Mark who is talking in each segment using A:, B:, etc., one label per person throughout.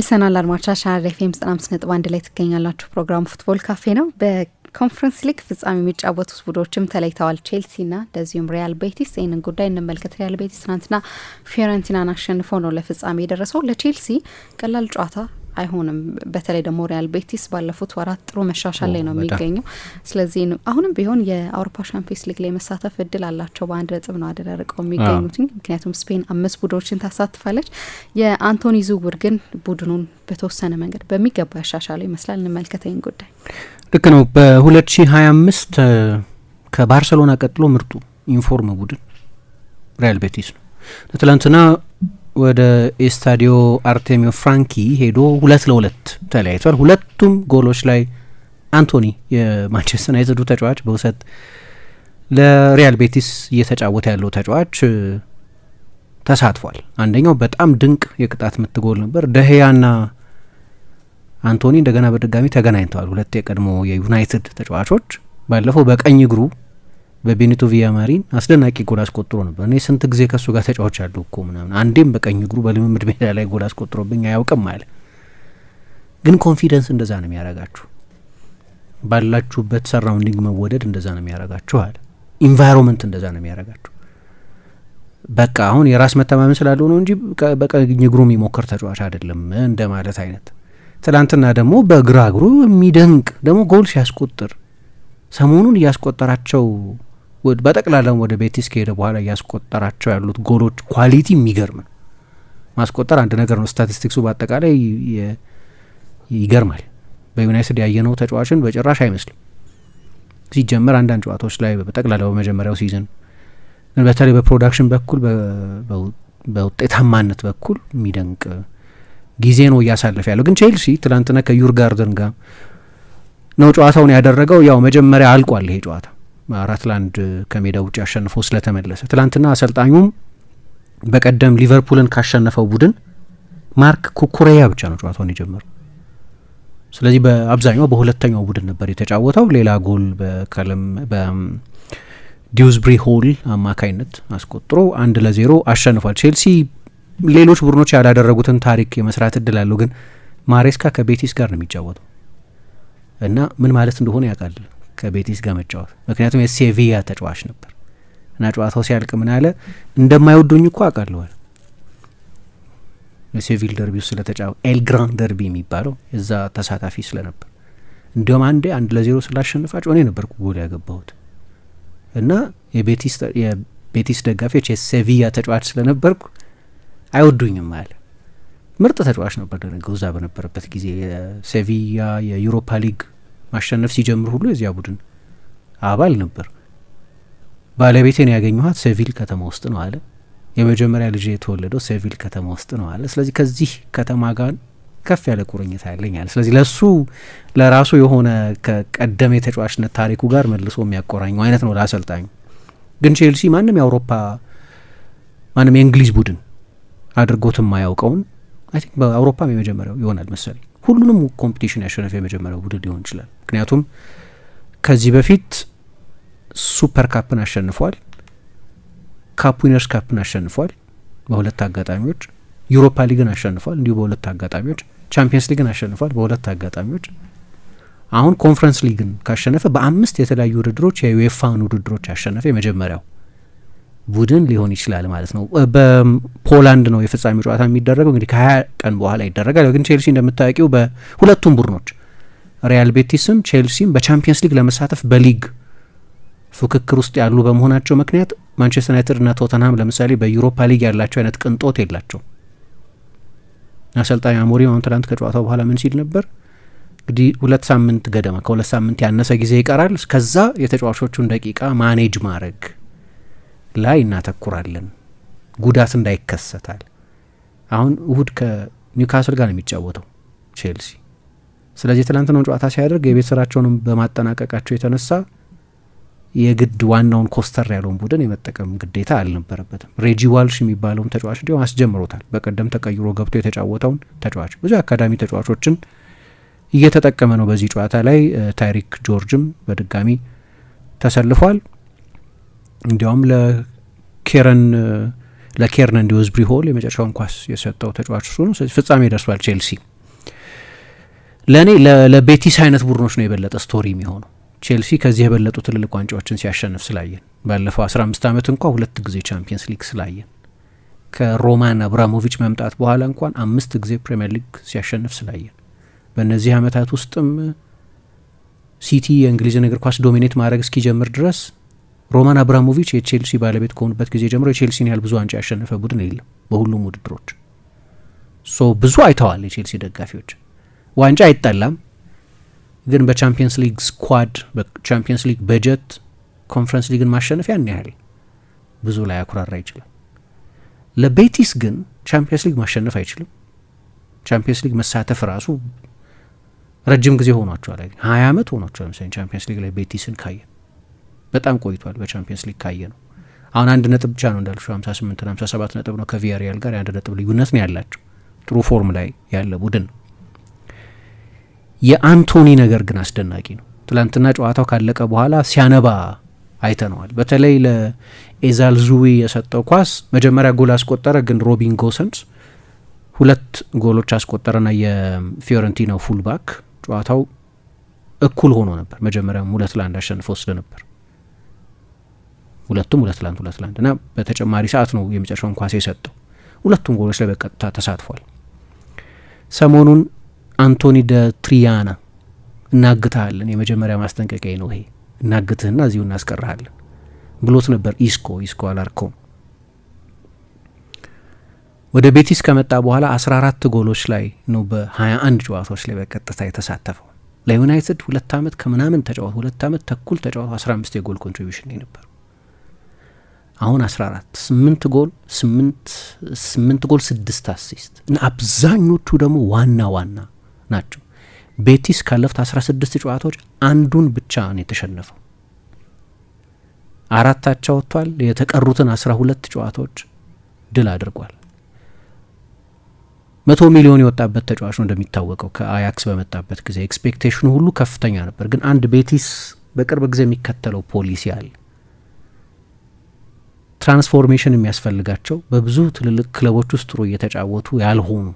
A: ተመልሰናል አድማጮች፣ ሐረር ኤፍ ኤም ዘጠና አምስት ነጥብ አንድ ላይ ትገኛላችሁ። ፕሮግራሙ ፉትቦል ካፌ ነው። በኮንፈረንስ ሊግ ፍጻሜ የሚጫወቱ ቡድኖችም ተለይተዋል። ቼልሲና እንደዚሁም ሪያል ቤቲስ። ይህንን ጉዳይ እንመልከት። ሪያል ቤቲስ ትናንትና ፊዮረንቲናን አሸንፎ ነው ለፍጻሜ የደረሰው። ለቼልሲ ቀላል ጨዋታ አይሆንም። በተለይ ደግሞ ሪያል ቤቲስ ባለፉት ወራት ጥሩ መሻሻል ላይ ነው የሚገኘው። ስለዚህ አሁንም ቢሆን የአውሮፓ ሻምፒዮንስ ሊግ ላይ መሳተፍ እድል አላቸው። በአንድ ነጥብ ነው አደል ርቀው የሚገኙት። ምክንያቱም ስፔን አምስት ቡድኖችን ታሳትፋለች። የአንቶኒ ዝውውር ግን ቡድኑን በተወሰነ መንገድ በሚገባ ያሻሻለው ይመስላል። እንመልከተኝ ጉዳይ
B: ልክ ነው። በ2025 ከባርሰሎና ቀጥሎ ምርጡ ኢንፎርም ቡድን ሪያል ቤቲስ ነው። ትላንትና ወደ ኤስታዲዮ አርቴሚዮ ፍራንኪ ሄዶ ሁለት ለሁለት ተለያይቷል። ሁለቱም ጎሎች ላይ አንቶኒ የማንቸስተር ዩናይትዱ ተጫዋች በውሰት ለሪያል ቤቲስ እየተጫወተ ያለው ተጫዋች ተሳትፏል። አንደኛው በጣም ድንቅ የቅጣት ምት ጎል ነበር። ደህያና አንቶኒ እንደገና በድጋሚ ተገናኝተዋል። ሁለት የቀድሞ የዩናይትድ ተጫዋቾች ባለፈው በቀኝ እግሩ በቤኒቶ ቪያማሪን አስደናቂ ጎል አስቆጥሮ ነበር። እኔ ስንት ጊዜ ከእሱ ጋር ተጫዋች አለሁ እኮ ምናምን፣ አንዴም በቀኝ እግሩ በልምምድ ሜዳ ላይ ጎል አስቆጥሮብኝ አያውቅም አለ። ግን ኮንፊደንስ እንደዛ ነው የሚያረጋችሁ። ባላችሁበት ሰራውንዲንግ መወደድ እንደዛ ነው የሚያረጋችሁ አለ። ኢንቫይሮንመንት እንደዛ ነው የሚያረጋችሁ። በቃ አሁን የራስ መተማመን ስላለው ነው እንጂ በቀኝ እግሩ የሚሞክር ተጫዋች አይደለም እንደ ማለት አይነት። ትላንትና ደግሞ በግራ እግሩ የሚደንቅ ደግሞ ጎል ሲያስቆጥር ሰሞኑን እያስቆጠራቸው በጠቅላላም ወደ ቤቲስ ከሄደ በኋላ እያስቆጠራቸው ያሉት ጎሎች ኳሊቲ የሚገርም ነው። ማስቆጠር አንድ ነገር ነው። ስታቲስቲክሱ በአጠቃላይ ይገርማል። በዩናይትድ ያየነው ተጫዋችን በጭራሽ አይመስልም። ሲጀመር አንዳንድ ጨዋታዎች ላይ በጠቅላላ በመጀመሪያው ሲዝን ግን በተለይ በፕሮዳክሽን በኩል በውጤታማነት በኩል የሚደንቅ ጊዜ ነው እያሳለፈ ያለው። ግን ቼልሲ ትላንትና ከዩር ጋርደን ጋር ነው ጨዋታውን ያደረገው። ያው መጀመሪያ አልቋል ይሄ ጨዋታ አራት ለአንድ ከሜዳ ውጭ አሸንፎ ስለተመለሰ ትላንትና አሰልጣኙም በቀደም ሊቨርፑልን ካሸነፈው ቡድን ማርክ ኩኩሬያ ብቻ ነው ጨዋታውን የጀመረው። ስለዚህ በአብዛኛው በሁለተኛው ቡድን ነበር የተጫወተው። ሌላ ጎል በከለም በዲውዝብሪ ሆል አማካይነት አስቆጥሮ አንድ ለዜሮ አሸንፏል። ቼልሲ ሌሎች ቡድኖች ያላደረጉትን ታሪክ የመስራት እድል አለው። ግን ማሬስካ ከቤቲስ ጋር ነው የሚጫወተው እና ምን ማለት እንደሆነ ያውቃል። ከቤቲስ ጋር መጫወት ምክንያቱም የሴቪያ ተጫዋች ነበር እና ጨዋታው ሲያልቅ ምን አለ እንደማይወዱኝ እኮ አውቃለዋል የሴቪል ደርቢ ውስጥ ስለተጫወ ኤልግራን ደርቢ የሚባለው የዛ ተሳታፊ ስለነበር እንዲሁም አንዴ አንድ ለዜሮ ስላሸንፋቸው እኔ ነበርኩ ጎል ያገባሁት እና የቤቲስ ደጋፊዎች የሴቪያ ተጫዋች ስለነበርኩ አይወዱኝም አለ። ምርጥ ተጫዋች ነበር ደነገው እዛ በነበረበት ጊዜ የሴቪያ የዩሮፓ ሊግ ማሸነፍ ሲጀምር ሁሉ የዚያ ቡድን አባል ነበር። ባለቤቴን ያገኘኋት ሴቪል ከተማ ውስጥ ነው አለ። የመጀመሪያ ልጅ የተወለደው ሴቪል ከተማ ውስጥ ነው አለ። ስለዚህ ከዚህ ከተማ ጋር ከፍ ያለ ቁርኝት ያለኝ አለ። ስለዚህ ለሱ ለራሱ የሆነ ከቀደመ የተጫዋችነት ታሪኩ ጋር መልሶ የሚያቆራኘው አይነት ነው ለአሰልጣኙ። ግን ቼልሲ ማንም የአውሮፓ ማንም የእንግሊዝ ቡድን አድርጎት የማያውቀውን አይ ቲንክ በአውሮፓም የመጀመሪያው ይሆናል መሰለኝ ሁሉንም ኮምፒቲሽን ያሸነፈ የመጀመሪያው ቡድን ሊሆን ይችላል። ምክንያቱም ከዚህ በፊት ሱፐር ካፕን አሸንፏል፣ ካፕ ዊነርስ ካፕን አሸንፏል በሁለት አጋጣሚዎች፣ ዩሮፓ ሊግን አሸንፏል እንዲሁ በሁለት አጋጣሚዎች፣ ቻምፒየንስ ሊግን አሸንፏል በሁለት አጋጣሚዎች። አሁን ኮንፈረንስ ሊግን ካሸነፈ በአምስት የተለያዩ ውድድሮች የዩኤፋን ውድድሮች ያሸነፈ የመጀመሪያው ቡድን ሊሆን ይችላል ማለት ነው። በፖላንድ ነው የፍጻሜ ጨዋታ የሚደረገው እንግዲህ ከሀያ ቀን በኋላ ይደረጋል። ግን ቼልሲ እንደምታውቂው በሁለቱም ቡድኖች ሪያል ቤቲስም ቼልሲም በቻምፒየንስ ሊግ ለመሳተፍ በሊግ ፉክክር ውስጥ ያሉ በመሆናቸው ምክንያት ማንቸስተር ዩናይትድ እና ቶተንሃም ለምሳሌ በዩሮፓ ሊግ ያላቸው አይነት ቅንጦት የላቸው። አሰልጣኝ አሞሪ አሁን ትላንት ከጨዋታው በኋላ ምን ሲል ነበር? እንግዲህ ሁለት ሳምንት ገደማ ከሁለት ሳምንት ያነሰ ጊዜ ይቀራል። ከዛ የተጫዋቾቹን ደቂቃ ማኔጅ ማድረግ ላይ እናተኩራለን። ጉዳት እንዳይከሰታል። አሁን እሁድ ከኒውካስል ጋር ነው የሚጫወተው ቼልሲ። ስለዚህ የትላንትናውን ጨዋታ ሲያደርግ የቤት ስራቸውንም በማጠናቀቃቸው የተነሳ የግድ ዋናውን ኮስተር ያለውን ቡድን የመጠቀም ግዴታ አልነበረበትም። ሬጂ ዋልሽ የሚባለውን ተጫዋች እንዲሁም አስጀምሮታል። በቀደም ተቀይሮ ገብቶ የተጫወተውን ተጫዋች ብዙ አካዳሚ ተጫዋቾችን እየተጠቀመ ነው። በዚህ ጨዋታ ላይ ታይሪክ ጆርጅም በድጋሚ ተሰልፏል። እንዲያውም ለኬረን ለኬርነን ዲውዝብሪ ሆል የመጨረሻውን ኳስ የሰጠው ተጫዋች እሱ ነው። ስለዚህ ፍጻሜ ደርሷል ቼልሲ። ለእኔ ለቤቲስ አይነት ቡድኖች ነው የበለጠ ስቶሪ የሚሆነው ቼልሲ ከዚህ የበለጡ ትልልቅ ዋንጫዎችን ሲያሸንፍ ስላየን፣ ባለፈው 15 ዓመት እንኳ ሁለት ጊዜ ቻምፒየንስ ሊግ ስላየን፣ ከሮማን አብራሞቪች መምጣት በኋላ እንኳን አምስት ጊዜ ፕሪምየር ሊግ ሲያሸንፍ ስላየን፣ በእነዚህ ዓመታት ውስጥም ሲቲ የእንግሊዝን እግር ኳስ ዶሚኔት ማድረግ እስኪጀምር ድረስ ሮማን አብራሞቪች የቼልሲ ባለቤት ከሆኑበት ጊዜ ጀምሮ የቼልሲን ያህል ብዙ ዋንጫ ያሸነፈ ቡድን የለም በሁሉም ውድድሮች። ሶ ብዙ አይተዋል የቼልሲ ደጋፊዎች። ዋንጫ አይጠላም፣ ግን በቻምፒየንስ ሊግ ስኳድ፣ በቻምፒየንስ ሊግ በጀት ኮንፈረንስ ሊግን ማሸነፍ ያን ያህል ብዙ ላይ አኩራራ ይችላል። ለቤቲስ ግን ቻምፒየንስ ሊግ ማሸነፍ አይችልም። ቻምፒየንስ ሊግ መሳተፍ ራሱ ረጅም ጊዜ ሆኗቸዋል፣ ሀያ ዓመት ሆኗቸዋል መሰለኝ ቻምፒየንስ ሊግ ላይ ቤቲስን ካየ በጣም ቆይቷል። በቻምፒየንስ ሊግ ካየ ነው አሁን አንድ ነጥብ ብቻ ነው እንዳልሽው 58 57 ነጥብ ነው ከቪያሪያል ጋር የአንድ ነጥብ ልዩነት ነው ያላቸው። ጥሩ ፎርም ላይ ያለ ቡድን ነው። የአንቶኒ ነገር ግን አስደናቂ ነው። ትላንትና ጨዋታው ካለቀ በኋላ ሲያነባ አይተነዋል። በተለይ ለኤዛል የሰጠው ኳስ መጀመሪያ ጎል አስቆጠረ፣ ግን ሮቢን ጎሰንስ ሁለት ጎሎች አስቆጠረና የፊዮረንቲናው ፉልባክ ጨዋታው እኩል ሆኖ ነበር። መጀመሪያም ሁለት ለአንድ አሸንፎ ወስደ ነበር። ሁለቱም ሁለት ላንድ ሁለት ላንድ እና በተጨማሪ ሰዓት ነው የመጨረሻውን ኳስ የሰጠው። ሁለቱም ጎሎች ላይ በቀጥታ ተሳትፏል። ሰሞኑን አንቶኒ ደ ትሪያና እናግትሃለን፣ የመጀመሪያ ማስጠንቀቂያ ነው ይሄ፣ እናግትህና እዚሁ እናስቀርሃለን ብሎት ነበር። ኢስኮ ኢስኮ አላርኮም ወደ ቤቲስ ከመጣ በኋላ 14 ጎሎች ላይ ነው በ21 ጨዋታዎች ላይ በቀጥታ የተሳተፈው። ለዩናይትድ ሁለት ዓመት ከምናምን ተጫዋት ሁለት ዓመት ተኩል ተጫዋት 15 የጎል ኮንትሪቢሽን ነበሩ። አሁን 14 8 ጎል 8 8 ጎል 6 አሲስት እና አብዛኞቹ ደግሞ ዋና ዋና ናቸው። ቤቲስ ካለፉት 16 ጨዋታዎች አንዱን ብቻ ነው የተሸነፈው። አራት አቻ ወጥቷል። የተቀሩትን 12 ጨዋታዎች ድል አድርጓል። መቶ ሚሊዮን የወጣበት ተጫዋች ነው። እንደሚታወቀው ከአያክስ በመጣበት ጊዜ ኤክስፔክቴሽኑ ሁሉ ከፍተኛ ነበር። ግን አንድ ቤቲስ በቅርብ ጊዜ የሚከተለው ፖሊሲ አለ ትራንስፎርሜሽን የሚያስፈልጋቸው በብዙ ትልልቅ ክለቦች ውስጥ ጥሩ እየተጫወቱ ያልሆኑ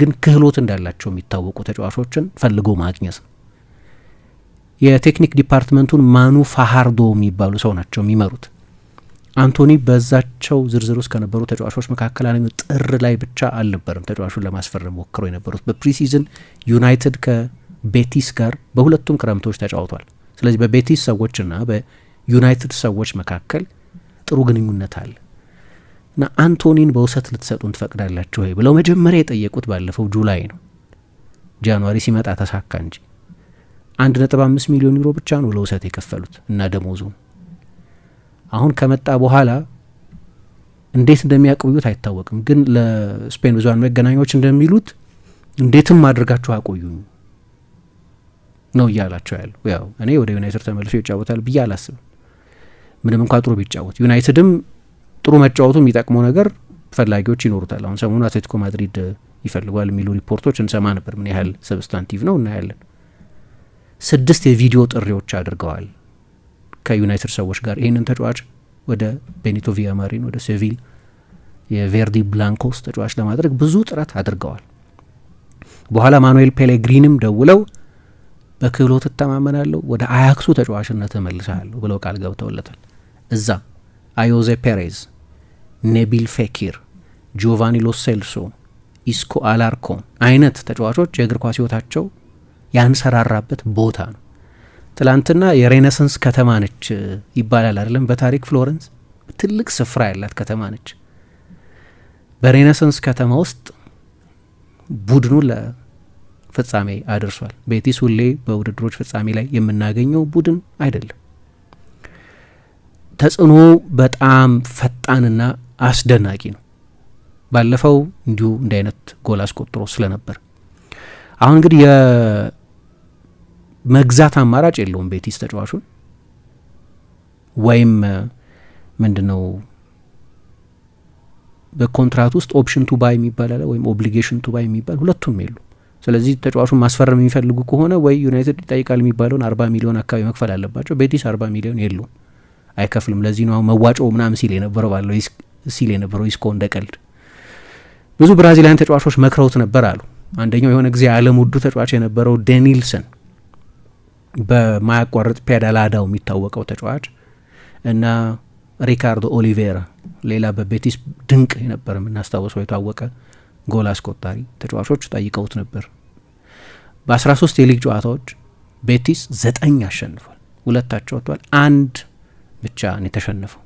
B: ግን ክህሎት እንዳላቸው የሚታወቁ ተጫዋቾችን ፈልጎ ማግኘት ነው። የቴክኒክ ዲፓርትመንቱን ማኑ ፋሃርዶ የሚባሉ ሰው ናቸው የሚመሩት። አንቶኒ በዛቸው ዝርዝር ውስጥ ከነበሩ ተጫዋቾች መካከል አንዱ ጥር ላይ ብቻ አልነበርም ተጫዋቹን ለማስፈረም ሞክረው የነበሩት። በፕሪሲዝን ዩናይትድ ከቤቲስ ጋር በሁለቱም ክረምቶች ተጫውቷል። ስለዚህ በቤቲስ ሰዎችና በዩናይትድ ሰዎች መካከል ጥሩ ግንኙነት አለ እና አንቶኒን በውሰት ልትሰጡን ትፈቅዳላችሁ ወይ ብለው መጀመሪያ የጠየቁት ባለፈው ጁላይ ነው። ጃንዋሪ ሲመጣ ተሳካ እንጂ አንድ ነጥብ አምስት ሚሊዮን ዩሮ ብቻ ነው ለውሰት የከፈሉት እና ደሞዙ አሁን ከመጣ በኋላ እንዴት እንደሚያቆዩት አይታወቅም። ግን ለስፔን ብዙሃን መገናኛዎች እንደሚሉት እንዴትም አድርጋችሁ አቆዩኝ ነው እያላቸው ያለው። ያው እኔ ወደ ዩናይትድ ተመልሶ ይጫወታል ብዬ አላስብም። ምንም እንኳ ጥሩ ቢጫወት ዩናይትድም ጥሩ መጫወቱ የሚጠቅመው ነገር ፈላጊዎች ይኖሩታል። አሁን ሰሞኑ አትሌቲኮ ማድሪድ ይፈልጓል የሚሉ ሪፖርቶች እንሰማ ነበር። ምን ያህል ሰብስታንቲቭ ነው እናያለን። ስድስት የቪዲዮ ጥሪዎች አድርገዋል ከዩናይትድ ሰዎች ጋር ይህንን ተጫዋች ወደ ቤኒቶ ቪያማሪን ወደ ሴቪል የቬርዲ ብላንኮስ ተጫዋች ለማድረግ ብዙ ጥረት አድርገዋል። በኋላ ማኑኤል ፔሌግሪንም ደውለው በክህሎት እተማመናለሁ፣ ወደ አያክሱ ተጫዋችነት እመልሳለሁ ብለው ቃል ገብተውለታል። እዛ አዮዜ ፔሬዝ፣ ኔቢል ፌኪር፣ ጂዮቫኒ ሎሴልሶ፣ ኢስኮ አላርኮን አይነት ተጫዋቾች የእግር ኳስ ህይወታቸው ያንሰራራበት ቦታ ነው። ትላንትና የሬኔሰንስ ከተማ ነች ይባላል አይደለም? በታሪክ ፍሎረንስ ትልቅ ስፍራ ያላት ከተማ ነች። በሬኔሰንስ ከተማ ውስጥ ቡድኑ ለፍጻሜ አድርሷል። ቤቲስ ሁሌ በውድድሮች ፍጻሜ ላይ የምናገኘው ቡድን አይደለም። ተጽዕኖ በጣም ፈጣንና አስደናቂ ነው። ባለፈው እንዲሁ እንዲህ አይነት ጎል አስቆጥሮ ስለነበር አሁን እንግዲህ የመግዛት አማራጭ የለውም ቤቲስ ተጫዋቹን ወይም ምንድን ነው በኮንትራት ውስጥ ኦፕሽን ቱ ባይ የሚባል አለ ወይም ኦብሊጌሽን ቱ ባይ የሚባል ሁለቱም የሉ። ስለዚህ ተጫዋቹን ማስፈረም የሚፈልጉ ከሆነ ወይ ዩናይትድ ይጠይቃል የሚባለውን አርባ ሚሊዮን አካባቢ መክፈል አለባቸው። ቤቲስ አርባ ሚሊዮን የሉም። አይከፍልም። ለዚህ ነው መዋጮ ምናምን ሲል የነበረው ባለው ሲል የነበረው ኢስኮ እንደ ቀልድ። ብዙ ብራዚላውያን ተጫዋቾች መክረውት ነበር አሉ። አንደኛው የሆነ ጊዜ የዓለም ውዱ ተጫዋች የነበረው ዴኒልሰን በማያቋርጥ ፔዳላዳው የሚታወቀው ተጫዋች እና ሪካርዶ ኦሊቬራ ሌላ በቤቲስ ድንቅ የነበረ የምናስታውሰው የታወቀ ጎል አስቆጣሪ ተጫዋቾች ጠይቀውት ነበር። በ13 የሊግ ጨዋታዎች ቤቲስ ዘጠኝ አሸንፏል፣ ሁለታቸው ወጥቷል፣ አንድ ብቻ ነው የተሸነፈው።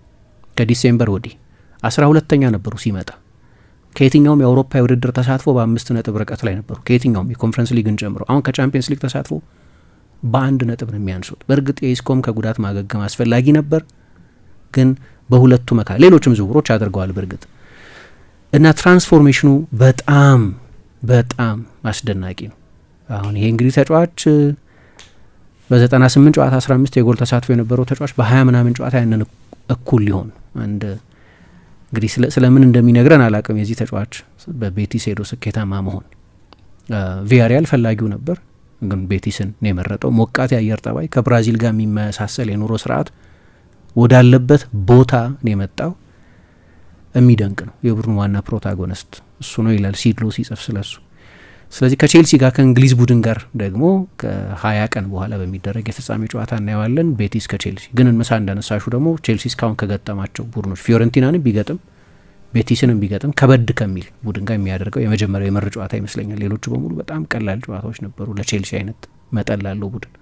B: ከዲሴምበር ወዲህ አስራ ሁለተኛ ነበሩ ሲመጣ ከየትኛውም የአውሮፓ የውድድር ተሳትፎ በአምስት ነጥብ ርቀት ላይ ነበሩ። ከየትኛውም የኮንፈረንስ ሊግን ጨምሮ አሁን ከቻምፒየንስ ሊግ ተሳትፎ በአንድ ነጥብ ነው የሚያንሱት። በእርግጥ የኢስኮም ከጉዳት ማገገም አስፈላጊ ነበር፣ ግን በሁለቱ መካከል ሌሎችም ዝውውሮች አድርገዋል። በእርግጥ እና ትራንስፎርሜሽኑ በጣም በጣም አስደናቂ ነው። አሁን ይሄ እንግዲህ ተጫዋች በ98 ጨዋታ 15 የጎል ተሳትፎ የነበረው ተጫዋች በ20 ምናምን ጨዋታ ያንን እኩል ሊሆን አንድ እንግዲህ ስለምን እንደሚነግረን አላቅም። የዚህ ተጫዋች በቤቲስ ሄዶ ስኬታማ መሆን ቪያሪያል ፈላጊው ነበር፣ ግን ቤቲስን ነው የመረጠው። ሞቃት የአየር ጠባይ ከብራዚል ጋር የሚመሳሰል የኑሮ ስርዓት ወዳለበት ቦታ ነው የመጣው። የሚደንቅ ነው። የቡድኑ ዋና ፕሮታጎኒስት እሱ ነው ይላል ሲድሎ ሲጽፍ ስለሱ ስለዚህ ከቼልሲ ጋር ከእንግሊዝ ቡድን ጋር ደግሞ ከሀያ ቀን በኋላ በሚደረግ የፍጻሜ ጨዋታ እናየዋለን። ቤቲስ ከቼልሲ ግን እንመሳ እንዳነሳሹ ደግሞ ቼልሲ እስካሁን ከገጠማቸው ቡድኖች ፊዮረንቲናንም ቢገጥም ቤቲስንም ቢገጥም ከበድ ከሚል ቡድን ጋር የሚያደርገው የመጀመሪያው የመር ጨዋታ ይመስለኛል። ሌሎቹ በሙሉ በጣም ቀላል ጨዋታዎች ነበሩ ለቼልሲ አይነት መጠን ላለው ቡድን